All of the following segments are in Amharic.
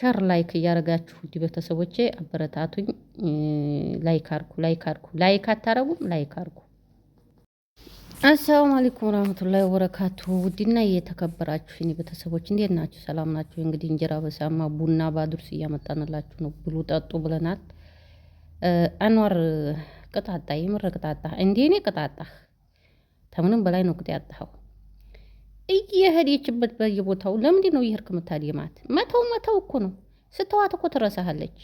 ሸር ላይክ እያደረጋችሁ እንዲህ ቤተሰቦቼ አበረታቱኝ። ላይክ አርኩ፣ ላይክ አርኩ። ላይክ አታረጉም ላይክ አርኩ። አሰላሙ አለይኩም ወራህመቱላሂ ወበረካቱ። ውድና የተከበራችሁ የኔ ቤተሰቦች እንዴት ናችሁ? ሰላም ናችሁ? እንግዲህ እንጀራ በሳማ ቡና ባዱርስ እያመጣንላችሁ ነው። ብሉ ጠጡ ብለናል። አንዋር ቅጣጣ፣ የምር ቅጣጣ፣ እንዴ እኔ ቅጣጣ፣ ከምንም በላይ ነው ቅጣጣው እየሄደችበት በየቦታው ለምንድ ነው እየሄድክ የምታደማት? መተው መተው እኮ ነው። ስተዋት እኮ ትረሳሃለች።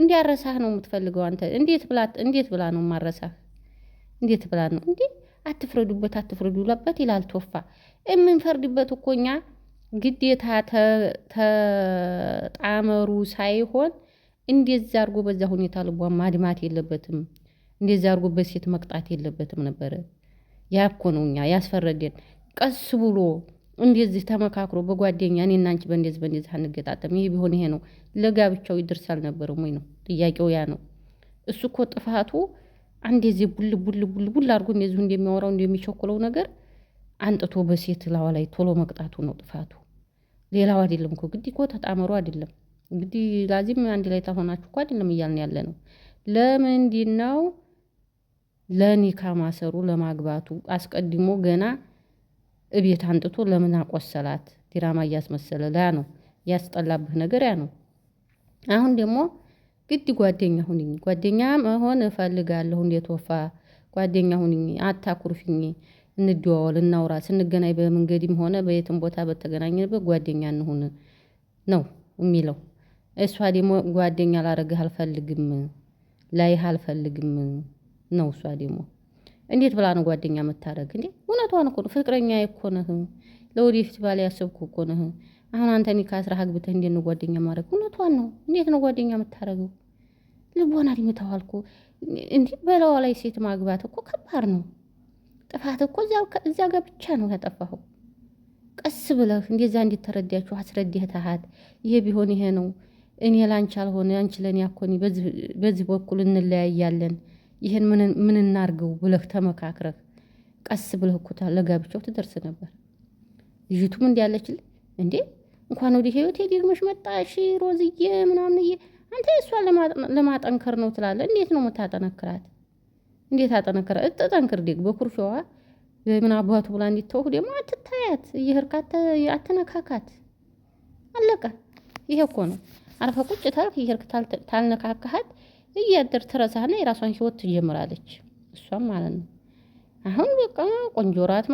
እንዲያረሳህ ነው የምትፈልገው አንተ። እንዴት ብላ እንዴት ብላ ነው ማረሳህ? እንዴት ብላ ነው እንዴ? አትፍረዱበት፣ አትፍረዱበት ይላል ቶፋ። የምንፈርድበት እኮ እኛ ግዴታ ተጣመሩ ሳይሆን እንደዛ አድርጎ በዛ ሁኔታ ልቧ ማድማት የለበትም። እንደዛ አድርጎ በሴት መቅጣት የለበትም ነበረ። ያ እኮ ነው እኛ ያስፈረደን። ቀስ ብሎ እንደዚህ ተመካክሮ በጓደኛ እኔ እና አንቺ በእንደዚህ በእንደዚህ አንገጣጠም፣ ይህ ቢሆን ይሄ ነው፣ ለጋብቻው ይደርስ አልነበረም ወይ ነው ጥያቄው። ያ ነው እሱ እኮ ጥፋቱ። አንደዚህ ቡል ቡል ቡል ቡል አድርጎ እንደዚሁ እንደሚያወራው እንደሚቸኩለው ነገር አንጥቶ በሴት ላዋ ላይ ቶሎ መቅጣቱ ነው ጥፋቱ። ሌላው አይደለም እኮ ግዲ እኮ ተጣመሩ አይደለም እንግዲህ ላዚም አንድ ላይ ተሆናችሁ እኮ አይደለም እያልን ያለ ነው። ለምንድን ነው ለኒካ ማሰሩ ለማግባቱ አስቀድሞ ገና እቤት አንጥቶ ለምን አቆሰላት? ዲራማ እያስመሰለ ያ ነው ያስጠላብህ ነገር ያ ነው። አሁን ደግሞ ግድ ጓደኛ ሁንኝ፣ ጓደኛ መሆን እፈልጋለሁ። እንዴት ወፋ ጓደኛ ሁንኝ፣ አታኩርፊኝ፣ እንደዋወል፣ እናውራ፣ ስንገናኝ በመንገድም ሆነ በየትም ቦታ በተገናኘንበት ጓደኛ እንሁን ነው የሚለው። እሷ ደግሞ ጓደኛ ላረግህ አልፈልግም፣ ላይህ አልፈልግም ነው እሷ ደግሞ እንዴት ብላ ነው ጓደኛ የምታደርግ እንዴ? እውነቷን እኮ ነው። ፍቅረኛ እኮ ነህ፣ ለወደፊት ባል ያሰብኩ እኮ ነህ። አሁን አንተ እኔ ከአስራ አግብተህ እንዴት ነው ጓደኛ ማድረግ? እውነቷን ነው። እንዴት ነው ጓደኛ የምታደርገው? ልቦና ሊመታዋል እኮ እንዲህ በላዋ ላይ ሴት ማግባት እኮ ከባድ ነው። ጥፋት እኮ እዚያ ጋር ብቻ ነው ያጠፋኸው። ቀስ ብለህ እንደዛ እንዲተረዳችሁ አስረድተሃት፣ ይሄ ቢሆን ይሄ ነው፣ እኔ ላንቺ አልሆነ አንቺ ለእኔ አኮኒ፣ በዚህ በኩል እንለያያለን ይህን ምን እናርገው ብለህ ተመካክረህ ቀስ ብለህ እኮታ ለጋብቻው ትደርስ ነበር። ልጅቱም እንዲያለችል እንዴ እንኳን ወደ ህይወት ሄዲርመሽ መጣሽ ሮዝዬ ምናምንዬ አንተ እሷን ለማጠንከር ነው ትላለ። እንዴት ነው የምታጠነክራት? እንዴት አጠነክራ እጠጠንክር ዴግ በኩርፊዋ ምን አባቱ ብላ እንዲተወሁ ደግሞ አትታያት፣ እየህርካት አትነካካት። አለቀ። ይሄ እኮ ነው አርፈ ቁጭ ታልክ እየህርክ ታልነካካሃት እያደር ትረሳና የራሷን ህይወት ትጀምራለች። እሷም ማለት ነው። አሁን በቃ ቆንጆ ራት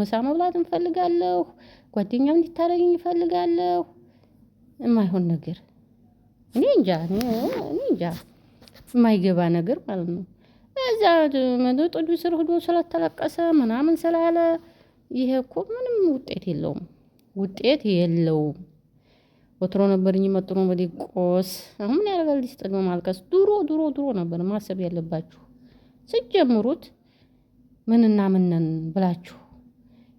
ምሳ መብላት እንፈልጋለሁ፣ ጓደኛም እንዲታረኝ እንፈልጋለሁ። የማይሆን ነገር እኔ እንጃ እኔ እንጃ የማይገባ ነገር ማለት ነው። እዛ ጥዱ ስር ሂዶ ስለተለቀሰ ምናምን ስላለ ይሄ እኮ ምንም ውጤት የለውም፣ ውጤት የለውም። ወትሮ ነበር ነበርኝ መጥኖ ቆስ አሁን ምን ያደርጋል? ሊስጥል ማልቀስ። ድሮ ድሮ ድሮ ነበር ማሰብ ያለባችሁ ስጀምሩት ምንና ምንን ብላችሁ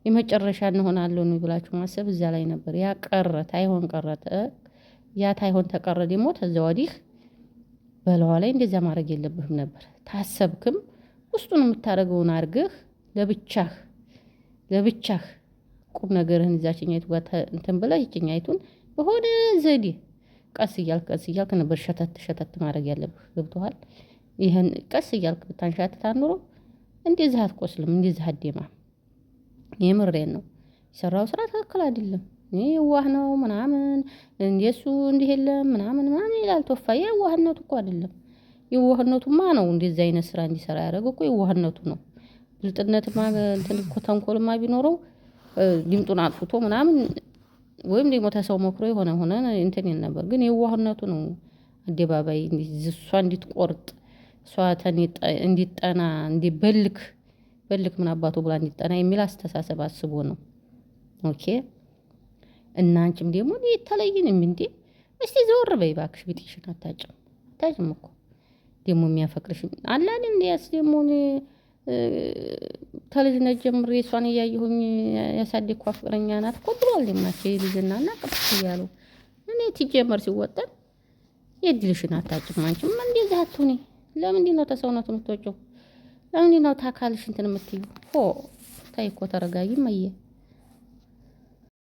የመጨረሻ እንሆናለን ብላችሁ ማሰብ እዛ ላይ ነበር። ያ ቀረ፣ ታይሆን ቀረተ ያ ታይሆን ተቀረ ደግሞ ተዛ ወዲህ በለዋ ላይ እንደዚያ ማድረግ የለብህም ነበር። ታሰብክም ውስጡን የምታደርገውን አድርገህ ለብቻህ ለብቻህ ቁም ነገርህን እዛችኛይቱ ጋር እንትን ብለህ ይችኛይቱን በሆነ ዘዴ ቀስ እያልክ ቀስ እያልክ ነበር ሸተት ሸተት ማድረግ ያለብህ። ገብቶሃል? ይህን ቀስ እያልክ ብታንሻትት ኑሮ እንደዚህ አትቆስልም፣ እንደዚህ አዴማ። የምሬን ነው። የሰራው ስራ ትክክል አይደለም። ይህ የዋህ ነው ምናምን እንደሱ እንዲህ የለም ምናምን ምናምን ይላል ቶፋ። ይህ የዋህነቱ እኮ አይደለም። የዋህነቱማ ነው እንደዚህ አይነት ስራ እንዲሰራ ያደረገ እኮ የዋህነቱ ነው። ብልጥነትማ እንትን እኮ ተንኮልማ ቢኖረው ድምጡን አጥፍቶ ምናምን ወይም ደግሞ ተሰው መክሮ የሆነ ሆነ እንትን ይል ነበር። ግን የዋህነቱ ነው አደባባይ እሷ እንዲትቆርጥ እሷ እንዲጠና እንዲበልክ በልክ ምን አባቱ ብላ እንዲጠና የሚል አስተሳሰብ አስቦ ነው። ኦኬ እና አንቺም ደግሞ የተለይንም እንዴ እስቲ ዘወር በይ እባክሽ፣ ቢጤሽን አታጭም አታጭም እኮ ደግሞ የሚያፈቅርሽ አላን እንዲያስ ደግሞ ከልጅነት ጀምሬ እሷን እያየሁኝ ያሳደግኳ ፍቅረኛ ናት። ቆጥሯል ማቸው የልጅና ና ቅርስ እያሉ እኔ ትጀመር ሲወጠን የድልሽን አታጭም አንቺም እንደዚህ አትሁኔ። ለምንድን ነው ተሰውነት የምትወጪው? ለምንድን ነው ታካልሽ እንትን የምትዩ? ሆ ተይ እኮ ተረጋጊ መየ